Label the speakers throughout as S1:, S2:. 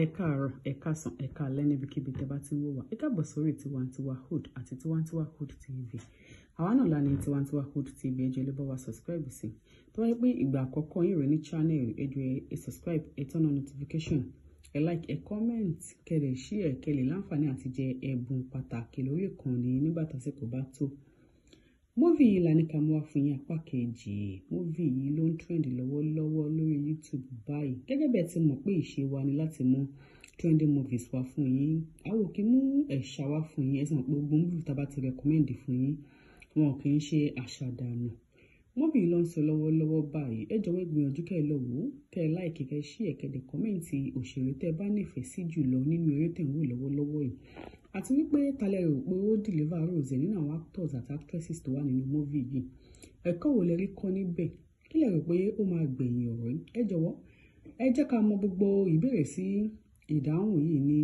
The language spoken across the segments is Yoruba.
S1: ẹ káàárọ̀ ẹ káàsán ẹ káalẹ́ níbikíbi tẹ́ bá ti ń wá ẹ káàbọ̀ sórí tiwantiwa hood àti tiwantiwa hood tv àwa náà la tiwantiwa hood tv ẹ jọ̀ọ́ bá wa subscribe sí tó bá yẹ pé ìgbà àkọ́kọ́ yín rẹ̀ ní channel ẹ ẹ subscribe ẹ turn on notification ẹ like ẹ comment kẹlẹ share kẹlẹ láǹfààní àti jẹ ẹ̀bùn pàtàkì lórí ìkànnì nígbà tásìkò bá tó múvì yìí la ní ká mú wá fún yín apá kejì múvì yìí ló ń trend lọ́wọ́lọ́wọ́ lórí YouTube báyìí gẹ́gẹ́ bẹ́ẹ̀ ti mọ̀ pé ìṣe wa ni láti mú trending movies wá fún yín àwọn kì í mú ẹ̀ṣà wá fún yín ẹ̀sìn pé gbogbo múvì tá a bá ti recommend fún yín wọn kì í ṣe àṣà dànù múvì yìí ló ń sọ lọ́wọ́lọ́wọ́ báyìí ẹ jọ̀wọ́ gbìyànjú kẹ́ ẹ lọ wò ó kẹ́ ẹ láìkí kẹ́ ẹ ṣí ẹ̀kẹ́dẹ̀ kọ́mẹ́ǹtì òṣèré tẹ́ ẹ bá nífẹ̀ẹ́ sí jùlọ nínú eré tẹ̀ ń wò lọ́wọ́lọ́wọ́ yìí àti wípé talẹ̀ rò pé ó deliver rose nínú àwọn actors àti actresses tó wà nínú movie yìí ẹ̀kọ́ wo lẹ rí kọ́ níbẹ̀ kí lẹ rò pé ó máa gbẹ̀yìn ọ̀rọ̀ yìí ẹ jọ̀wọ́ ẹ jẹ́ ká mọ gbogbo ìbéèrè sí ìdáhùn yìí ní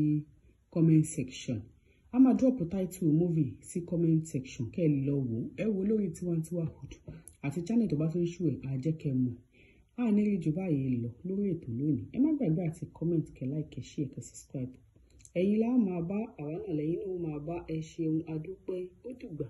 S1: comment section a máa drop title movie sí comment section kẹ́ ẹ lọ wò ẹ wò lórí Tiwantiwa Hood àti channel tó bá fi ń ṣú ẹ̀ á jẹ́ kẹ́ ẹ mọ̀ a ní rí jù báyìí lọ lórí ètò lónìí ẹ má gbàgbé àti comment kẹ́ like kẹ́ share kẹ́ subscribe ẹ̀yin lá máa bá àwa náà lẹ́yìn náà máa bá ẹ ṣeun adúpẹ́ ó dìgbà